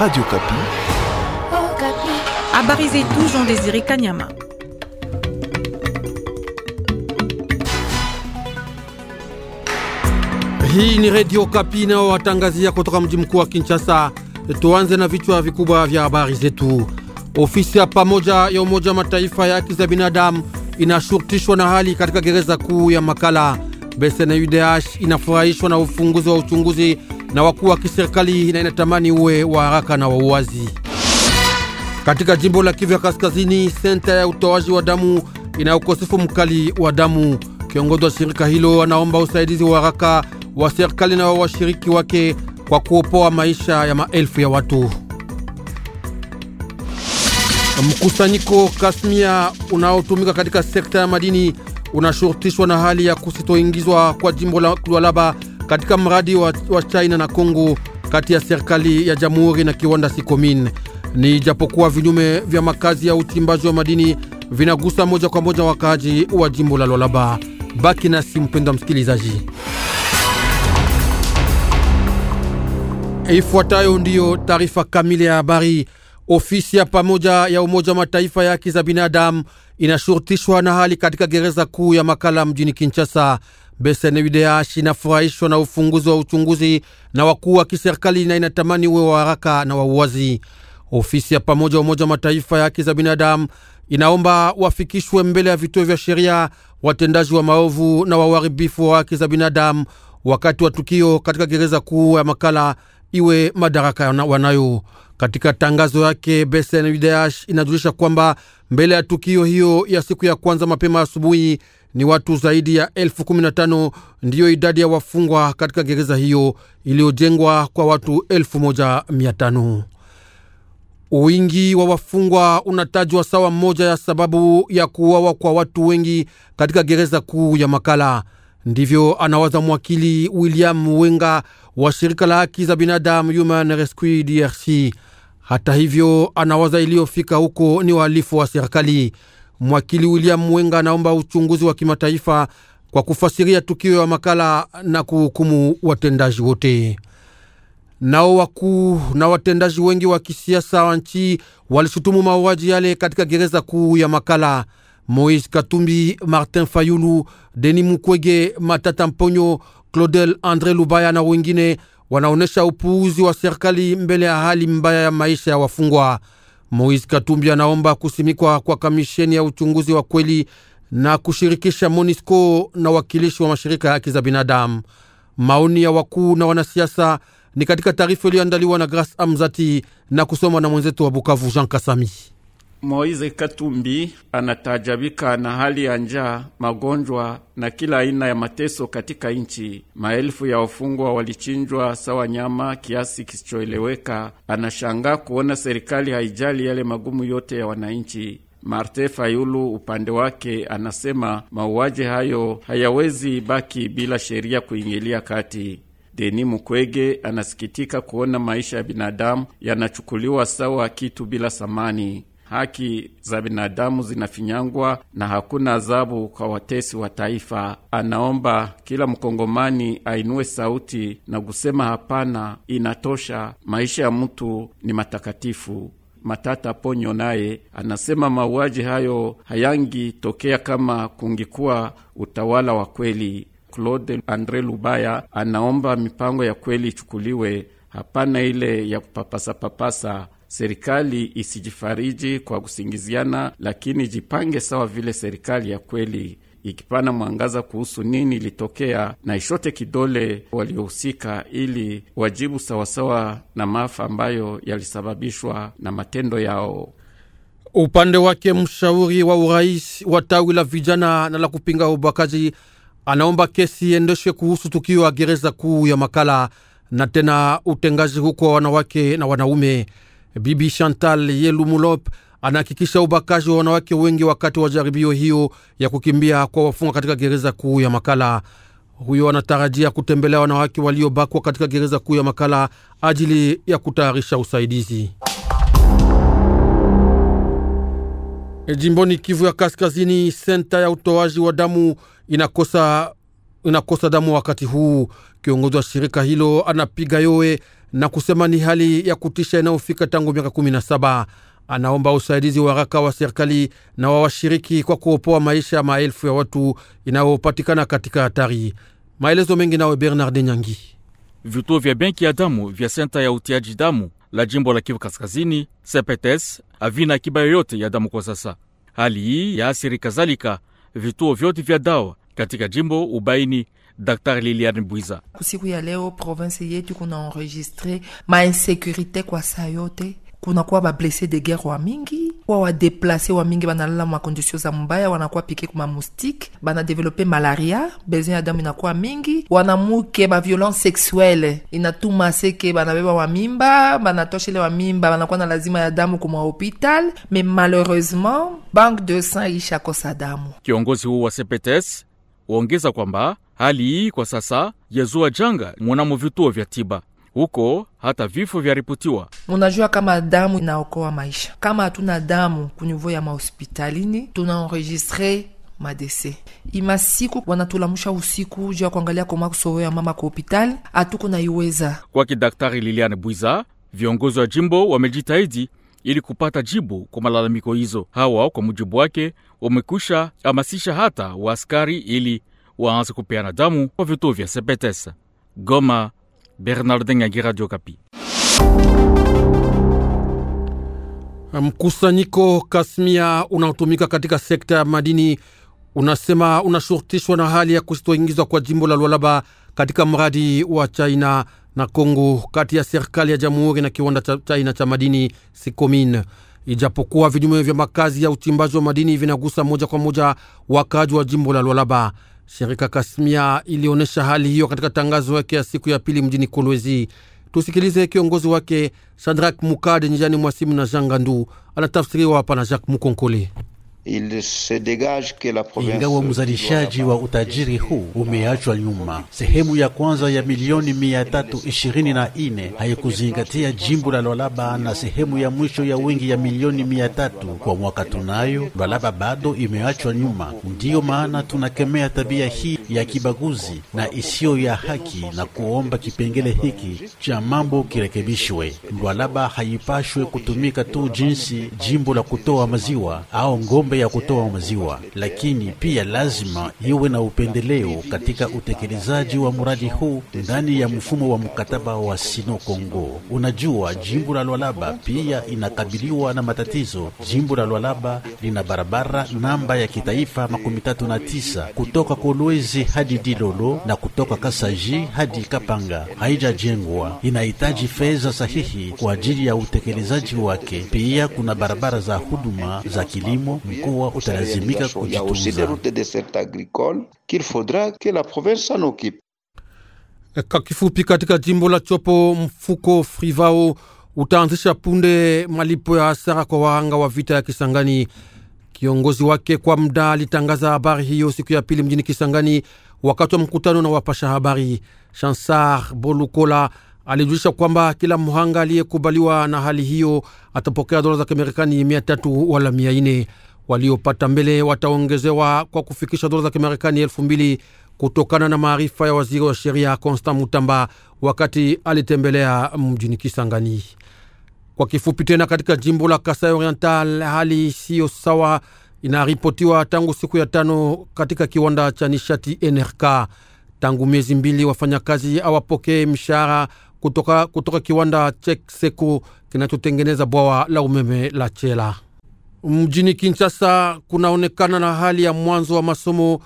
Radio Kapi. Habari zetu Jean Désiré Kanyama. Hii ni Radio Kapi nao watangazia kutoka mji mkuu wa Kinshasa. Tuanze na vichwa vikubwa vya habari zetu. Ofisi ya pamoja ya Umoja wa Mataifa ya haki za binadamu inashurutishwa na hali katika gereza kuu ya Makala. BCNUDH inafurahishwa na ufunguzi wa uchunguzi na wakuu wa kiserikali na inatamani uwe wa haraka na wa uwazi. Katika jimbo la Kivu ya Kaskazini, senta ya utoaji wa damu ina ukosefu mkali wa damu. Kiongozi wa shirika hilo anaomba usaidizi wa haraka wa serikali na wa washiriki wake kwa kuopoa maisha ya maelfu ya watu. Mkusanyiko Kasmia unaotumika katika sekta ya madini unashurutishwa na hali ya kusitoingizwa kwa jimbo la Lualaba katika mradi wa, wa China na Kongo kati ya serikali ya jamhuri na kiwanda Sikomin. Ni japokuwa vinyume vya makazi ya uchimbaji wa madini vinagusa moja kwa moja wakaaji wa jimbo la Lwalaba. Baki nasi mpendwa msikilizaji, ifuatayo ndiyo taarifa kamili ya habari. Ofisi ya pamoja ya Umoja wa Mataifa ya haki za binadamu inashurutishwa na hali katika gereza kuu ya Makala mjini Kinshasa. Besenewideash inafurahishwa na ufunguzi wa uchunguzi na wakuu wa kiserikali na inatamani uwe wa haraka na wa uwazi. Ofisi ya pamoja wa Umoja Mataifa ya haki za binadamu inaomba wafikishwe mbele ya vituo vya sheria watendaji wa maovu na wauharibifu wa haki za binadamu wakati wa tukio katika gereza kuu ya Makala, iwe madaraka wanayo. Katika tangazo yake, Besenwideash inajulisha kwamba mbele ya tukio hiyo ya siku ya kwanza mapema asubuhi ni watu zaidi ya elfu kumi na tano ndiyo idadi ya wafungwa katika gereza hiyo iliyojengwa kwa watu elfu moja mia tano. Wingi wa wafungwa unatajwa sawa moja ya sababu ya kuuawa kwa watu wengi katika gereza kuu ya Makala. Ndivyo anawaza mwakili William Wenga wa shirika la haki za binadamu Human Rescue DRC. Hata hivyo, anawaza iliyofika huko ni wahalifu wa serikali. Mwakili William Mwenga anaomba uchunguzi wa kimataifa kwa kufasiria tukio ya makala na kuhukumu watendaji wote. Nao wakuu na watendaji wengi wa kisiasa wa nchi walishutumu mauaji yale katika gereza kuu ya Makala. Moise Katumbi, Martin Fayulu, Denis Mukwege, Matata Mponyo, Claudel Andre Lubaya na wengine wanaonesha upuuzi wa serikali mbele ya hali mbaya ya maisha ya wafungwa. Moise Katumbi anaomba kusimikwa kwa kamisheni ya uchunguzi wa kweli na kushirikisha MONISCO na wakilishi wa mashirika ya haki za binadamu. Maoni ya wakuu na wanasiasa ni katika taarifa iliyoandaliwa na Grace Amzati na kusomwa na mwenzetu wa Bukavu Jean Kasami. Moise Katumbi anatajabika na hali ya njaa, magonjwa na kila aina ya mateso katika nchi. Maelfu ya wafungwa walichinjwa sawa nyama, kiasi kisichoeleweka. Anashangaa kuona serikali haijali yale magumu yote ya wananchi. Marte Fayulu upande wake anasema mauaji hayo hayawezi baki bila sheria kuingilia kati. Deni Mukwege anasikitika kuona maisha ya binadamu yanachukuliwa sawa kitu bila samani haki za binadamu zinafinyangwa na hakuna adhabu kwa watesi wa taifa. Anaomba kila mkongomani ainue sauti na kusema hapana, inatosha. Maisha ya mtu ni matakatifu. Matata Ponyo naye anasema mauaji hayo hayangitokea kama kungikuwa utawala wa kweli. Claude Andre Lubaya anaomba mipango ya kweli ichukuliwe, hapana ile ya kupapasa papasa serikali isijifariji kwa kusingiziana, lakini jipange sawa vile serikali ya kweli ikipana mwangaza kuhusu nini ilitokea na ishote kidole waliohusika ili wajibu sawasawa na maafa ambayo yalisababishwa na matendo yao. Upande wake mshauri wa urais wa tawi la vijana na la kupinga ubakaji anaomba kesi iendeshwe kuhusu tukio wa gereza kuu ya Makala na tena utengaji huko wa wanawake na wanaume. Bibi Chantal Yelumulop anahakikisha ubakaji wa wanawake wengi wakati wa jaribio hiyo ya kukimbia kwa wafungwa katika gereza kuu ya Makala. Huyo anatarajia kutembelea wanawake waliobakwa katika gereza kuu ya Makala ajili ya kutayarisha usaidizi. E, jimboni Kivu ya Kaskazini, senta ya utoaji wa damu inakosa inakosa damu wakati huu. Kiongozi wa shirika hilo anapiga yowe na kusema ni hali ya kutisha inayofika tangu miaka kumi na saba. Anaomba usaidizi wa haraka wa serikali na wa washiriki kwa kuopoa maisha ya maelfu ya watu inayopatikana katika hatari. Maelezo mengi nawe Bernard Nyangi. Vituo vya benki ya damu vya senta ya utiaji damu la jimbo la Kivu Kaskazini CPTS havina akiba yoyote ya damu kwa sasa. Hali hii ya asiri kadhalika vituo vyote vya dawa katika jimbo ubaini. Dr Lilian Bwiza: siku ya leo provinsi yetu kuna enregistre mainsekurite kwa saa yote, kunakuwa bablese de guerre wa mingi kwa wadeplase wa mingi banalala makondisio za mbaya, wanakuwa pike kuma mustike, banadevelope malaria, besoin ya damu inakuwa mingi, wanamuke ba violence sexuelle inatuma seke banabeba wa mimba, banatoshele wa mimba, banakuwa na lazima ya damu kuma hopital me malheureusement banque de sang ishakosa damu. Kiongozi huu wa CPTS waongeza kwamba hali hii kwa sasa yazua janga mwanamo vituo vya tiba huko hata vifo vyaripotiwa. Munajua kama damu inaokoa maisha. Kama hatuna damu kunivo ya mahospitalini, tunaenregistre madese imasiku wanatulamusha usiku juu ya kuangalia ya mama kwa hopitali hatuko naiweza iweza. Kwa kidaktari Liliane Bwiza, viongozi wa jimbo wamejitahidi ili kupata jibu kwa malalamiko hizo. Hawa kwa mujibu wake wamekwisha hamasisha hata waaskari ili waanze kupeana damu kwa vituo vya Sepetes. Goma, Bernardin Nyangi, Radio Kapi. Mkusanyiko Kasmia unaotumika katika sekta ya madini unasema unashurutishwa na hali ya kusitoingizwa kwa jimbo la Lualaba katika mradi wa China na Kongo kati ya serikali ya jamhuri na kiwanda cha China cha madini Sikomin. Ijapokuwa vinyume vya makazi ya uchimbaji wa madini vinagusa moja kwa moja wakaaji wa jimbo la Lwalaba, shirika Kasmia ilionyesha hali hiyo katika tangazo yake ya siku ya pili mjini Kolwezi. Tusikilize kiongozi wake Shadrak Mukade njiani mwasimu na jean Gandu anatafsiriwa hapa na Jacques Mukonkole. Ingawa mzalishaji wa utajiri huu umeachwa nyuma, sehemu ya kwanza ya milioni mia tatu ishirini na nne haikuzingatia jimbo la Lwalaba na sehemu ya mwisho ya wingi ya milioni mia tatu kwa mwaka tunayo. Lwalaba bado imeachwa nyuma, ndiyo maana tunakemea tabia hii ya kibaguzi na isiyo ya haki na kuomba kipengele hiki cha mambo kirekebishwe. Lwalaba haipashwe kutumika tu jinsi jimbo la kutoa maziwa au ngombe ng'ombe ya kutoa maziwa, lakini pia lazima iwe na upendeleo katika utekelezaji wa mradi huu ndani ya mfumo wa mkataba wa Sino Kongo. Unajua, jimbo la Lwalaba pia inakabiliwa na matatizo. Jimbo la Lwalaba lina barabara namba ya kitaifa makumi tatu na tisa kutoka Kolwezi hadi Dilolo na kutoka Kasaji hadi Kapanga haijajengwa, inahitaji fedha sahihi kwa ajili ya utekelezaji wake. Pia kuna barabara za huduma za kilimo kuwa utalazimika kujitunza. Kwa kifupi, katika jimbo la Chopo mfuko Frivao utaanzisha punde malipo ya hasara kwa wahanga wa vita ya Kisangani. Kiongozi wake kwa mda alitangaza habari hiyo siku ya pili mjini Kisangani wakati wa mkutano na wapasha habari. Chansar Bolukola alijulisha kwamba kila mhanga aliyekubaliwa na hali hiyo atapokea dola za Kimarekani mia tatu wala mia nne waliopata mbele wataongezewa kwa kufikisha dola za Kimarekani elfu mbili kutokana na maarifa ya waziri wa sheria Constant Mutamba wakati alitembelea mjini Kisangani. Kwa kifupi tena, katika jimbo la Kasai Oriental hali isiyo sawa inaripotiwa tangu siku ya tano katika kiwanda cha nishati NRK. Tangu miezi mbili wafanyakazi awapokee mshahara kutoka, kutoka kiwanda Chekseko kinachotengeneza bwawa la umeme la Chela mjini Kinshasa kunaonekana na hali ya mwanzo wa masomo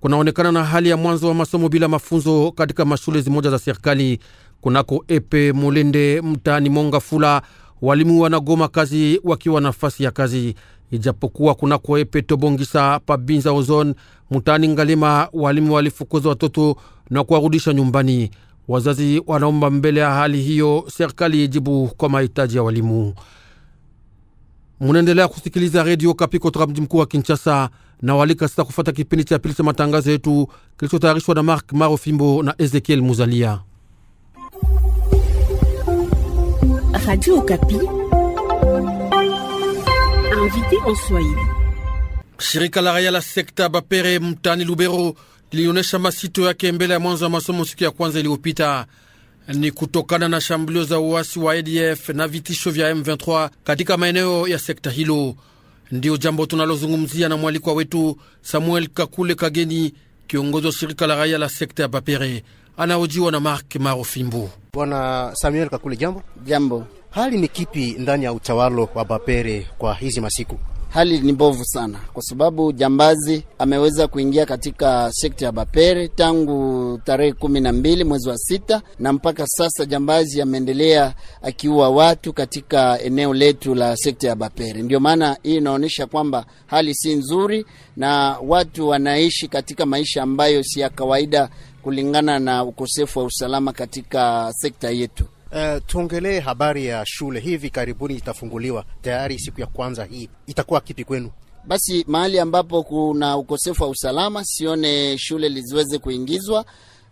kunaonekana na hali ya mwanzo wa masomo bila mafunzo katika mashule zimoja za serikali kunako Epe Molende mtaani Monga Fula, walimu wanagoma kazi wakiwa nafasi ya kazi, ijapokuwa kunako Epe Tobongisa Pabinza Ozon mtaani Ngalima, walimu walifukuza watoto na kuwarudisha nyumbani. Wazazi wanaomba mbele ya hali hiyo serikali ijibu kwa mahitaji ya walimu. Munaendelea kusikiliza redio Kapi kutoka mji mkuu wa Kinshasa na walika sasa kufata kipindi cha pili cha matangazo yetu kilichotayarishwa na Mark Maro Fimbo na Ezekiel Muzalia. Shirika la raia la sekta Bapere mtani Lubero lilionyesha masito yake mbele ya mwanzo wa masomo siku ya kwanza iliyopita ni kutokana na shambulio za uasi wa ADF na vitisho vya M23 katika maeneo ya sekta hilo. Ndiyo jambo tunalozungumzia na mwalikwa wetu Samuel Kakule Kageni, kiongozi wa shirika la raia la sekta ya Bapere, anaojiwa na Mark Marofimbu. Bwana Samuel Kakule, jambo jambo. Hali ni kipi ndani ya utawalo wa Bapere kwa hizi masiku? hali ni mbovu sana, kwa sababu jambazi ameweza kuingia katika sekta ya Bapere tangu tarehe kumi na mbili mwezi wa sita, na mpaka sasa jambazi ameendelea akiua watu katika eneo letu la sekta ya Bapere. Ndio maana hii inaonyesha kwamba hali si nzuri na watu wanaishi katika maisha ambayo si ya kawaida kulingana na ukosefu wa usalama katika sekta yetu. Uh, tuongelee habari ya shule. Hivi karibuni itafunguliwa tayari, siku ya kwanza hii itakuwa kipi kwenu? Basi mahali ambapo kuna ukosefu wa usalama, sione shule liziweze kuingizwa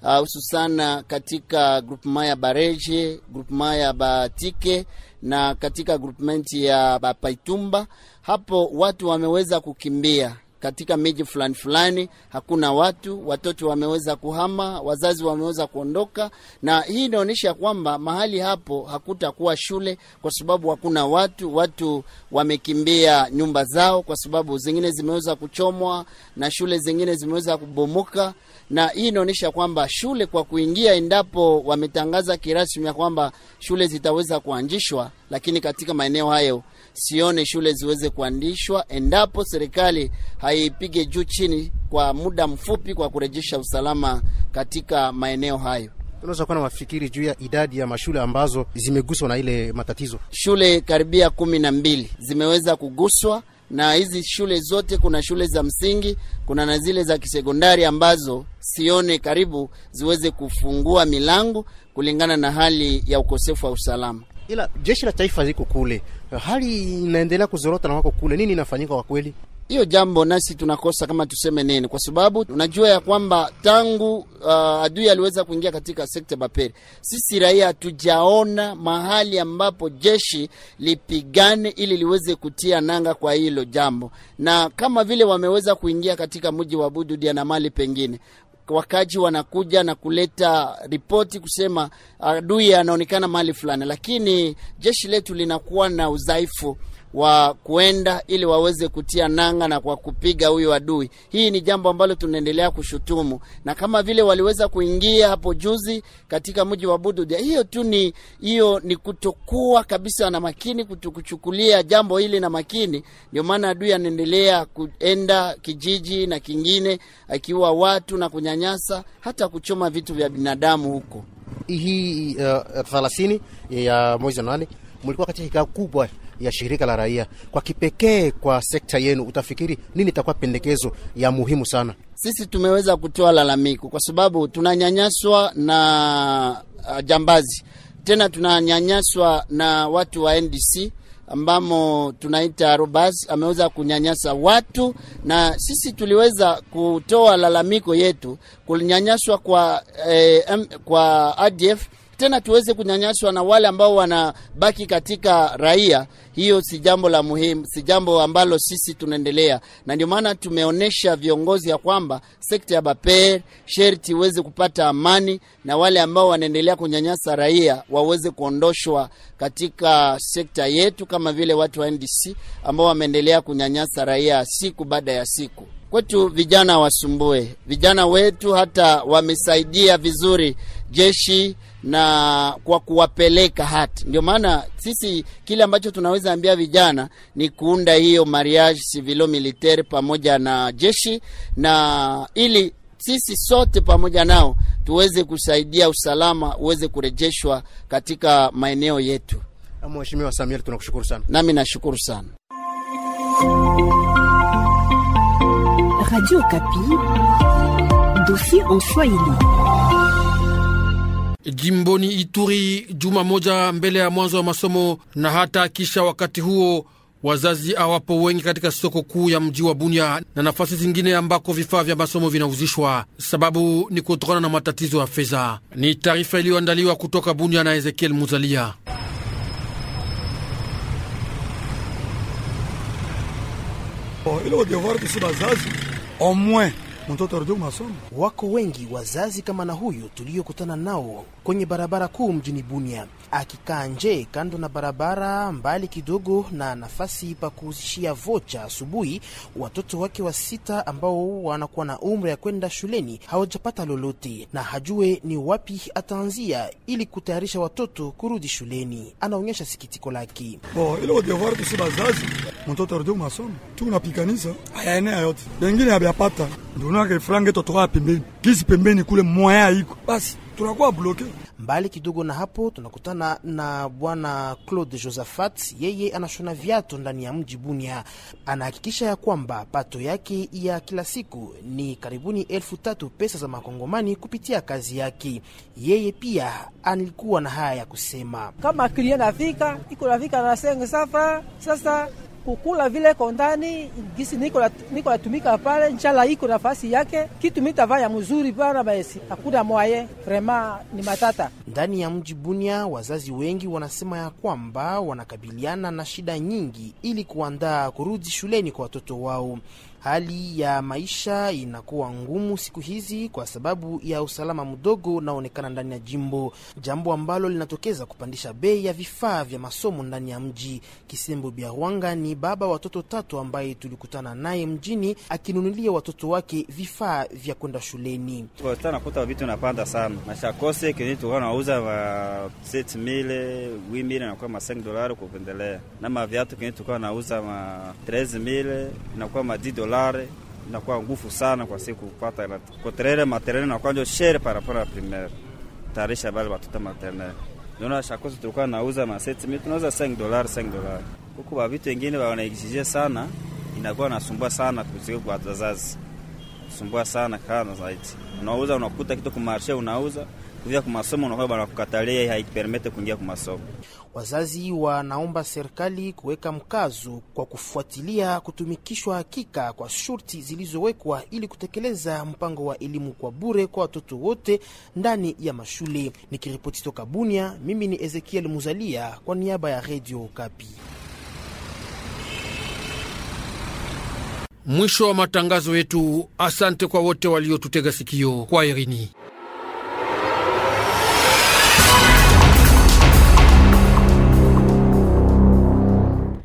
ah, hususan uh, katika groupement ya Bareje, groupement ya Batike na katika groupement ya Bapaitumba. Hapo watu wameweza kukimbia katika miji fulani fulani hakuna watu, watoto wameweza kuhama, wazazi wameweza kuondoka, na hii inaonyesha kwamba mahali hapo hakutakuwa shule kwa sababu hakuna watu. Watu wamekimbia nyumba zao, kwa sababu zingine zimeweza kuchomwa na shule zingine zimeweza kubomoka, na hii inaonyesha kwamba shule kwa kuingia, endapo wametangaza kirasmi ya kwamba shule zitaweza kuanzishwa, lakini katika maeneo hayo sione shule ziweze kuandishwa endapo serikali haipige juu chini kwa muda mfupi kwa kurejesha usalama katika maeneo hayo. Unaweza kuwa na mafikiri juu ya idadi ya mashule ambazo zimeguswa na ile matatizo? Shule karibia kumi na mbili zimeweza kuguswa na hizi shule zote. Kuna shule za msingi, kuna na zile za kisekondari ambazo sione karibu ziweze kufungua milango kulingana na hali ya ukosefu wa usalama ila jeshi la taifa ziko kule, hali inaendelea kuzorota na wako kule. Nini inafanyika kwa kweli? Hiyo jambo nasi tunakosa kama tuseme nini, kwa sababu unajua ya kwamba tangu uh, adui aliweza kuingia katika sekta Baperi, sisi raia hatujaona mahali ambapo jeshi lipigane ili liweze kutia nanga kwa hilo jambo, na kama vile wameweza kuingia katika mji wa Bududia na mali pengine, wakaji wanakuja na kuleta ripoti kusema adui anaonekana mahali fulani, lakini jeshi letu linakuwa na udhaifu wa kuenda ili waweze kutia nanga na kwa kupiga huyo adui. Hii ni jambo ambalo tunaendelea kushutumu, na kama vile waliweza kuingia hapo juzi katika mji wa Bududia, hiyo tu ni hiyo ni kutokuwa kabisa na makini, kutokuchukulia jambo hili na makini. Ndio maana adui anaendelea kuenda kijiji na kingine, akiua watu na kunyanyasa, hata kuchoma vitu vya binadamu huko. Hii uh, eh, thelathini ya mwezi wa nane mulikuwa katika kikao kubwa ya shirika la raia kwa kipekee kwa sekta yenu, utafikiri nini itakuwa pendekezo ya muhimu sana? Sisi tumeweza kutoa lalamiko kwa sababu tunanyanyaswa na uh, jambazi tena tunanyanyaswa na watu wa NDC ambamo tunaita Robas ameweza kunyanyasa watu, na sisi tuliweza kutoa lalamiko yetu kunyanyaswa kwa, eh, kwa ADF tena tuweze kunyanyaswa na wale ambao wanabaki katika raia, hiyo si jambo la muhimu, si jambo ambalo sisi tunaendelea. Na ndio maana tumeonyesha viongozi ya kwamba sekta ya Baper sherti iweze kupata amani na wale ambao wanaendelea kunyanyasa raia waweze kuondoshwa katika sekta yetu, kama vile watu wa NDC ambao wameendelea kunyanyasa raia siku baada ya siku kwetu vijana wasumbue vijana wetu, hata wamesaidia vizuri jeshi na kwa kuwapeleka hati. Ndio maana sisi kile ambacho tunaweza ambia vijana ni kuunda hiyo mariage civilo militaire pamoja na jeshi, na ili sisi sote pamoja nao tuweze kusaidia usalama uweze kurejeshwa katika maeneo yetu. Mheshimiwa Samuel, tunakushukuru sana. Nami nashukuru sana. Radio Kapi, dossier en Swahili jimboni Ituri juma moja mbele ya mwanzo wa masomo, na hata kisha wakati huo wazazi awapo wengi katika soko kuu ya mji wa Bunia na nafasi zingine ambako vifaa vya masomo vinauzishwa. Sababu ni kutokana na matatizo ya fedha. Ni taarifa iliyoandaliwa kutoka Bunia na Ezekiel Muzalia. Oh, mtoto arudi masomo. Wako wengi wazazi kama na huyu tuliyokutana nao kwenye barabara kuu mjini Bunia, akikaa nje kando na barabara mbali kidogo na nafasi pa kuuzishia vocha asubuhi. Watoto wake wa sita ambao wanakuwa na umri ya kwenda shuleni hawajapata lolote na hajue ni wapi ataanzia ili kutayarisha watoto kurudi shuleni. Anaonyesha sikitiko lake. mtoto arudi masomo tunapikanisa ayaenea yote bengine abyapata ndonake frange totokaa pembeni kisi pembeni kule mwaya iko basi tunakuwa bloke mbali kidogo na hapo tunakutana na bwana Claude Josaphat. Yeye anashona viatu ndani ya mji Bunia. Anahakikisha ya kwamba pato yake ya kila siku ni karibuni elfu tatu pesa za makongomani kupitia kazi yake. Yeye pia alikuwa na haya ya kusema, kama akilia nafika iko nafika na senge safa sasa kukula vile kondani gisi niko niko natumika pale, njala iko nafasi yake, kitu mitavaya mzuri bana baesi, hakuna mwaye vrema, ni matata ndani ya mji Bunia. Wazazi wengi wanasema ya kwamba wanakabiliana na shida nyingi ili kuandaa kurudi shuleni kwa watoto wao. Hali ya maisha inakuwa ngumu siku hizi kwa sababu ya usalama mdogo unaoonekana ndani ya jimbo, jambo ambalo linatokeza kupandisha bei ya vifaa vya masomo ndani ya mji. Kisembo Biarwanga ni baba watoto tatu ambaye tulikutana naye mjini akinunulia watoto wake vifaa vya kwenda shuleni. Nakuta vitu napanda sana mashakose nauza ma 7000 ma 5 dolari kupendelea, na maviatu nauza ma 13000 ma 10 dolare inakuwa ngufu sana kwa siku kupata koterere maternel na kwanza shere parapora na primaire tarisha bale batoto maternel ndio shakosi tulikuwa nauza ma mi tunauza 5 dollars 5 dollars huko ba vitu vingine ba wanaexige sana, inakuwa nasumbua sana kuziko kwa wazazi, sumbua sana kana zaidi. Unauza unakuta kitu kumarshe, unauza kuvia kumasomo, unakuwa bana kukatalia, haikupermete kuingia kumasomo. Wazazi wanaomba serikali kuweka mkazo kwa kufuatilia kutumikishwa hakika kwa shurti zilizowekwa ili kutekeleza mpango wa elimu kwa bure kwa watoto wote ndani ya mashule. Nikiripoti toka Bunia, mimi ni Ezekiel Muzalia kwa niaba ya Redio kapi Mwisho wa matangazo yetu. Asante kwa wote waliotutega sikio. Kwa herini.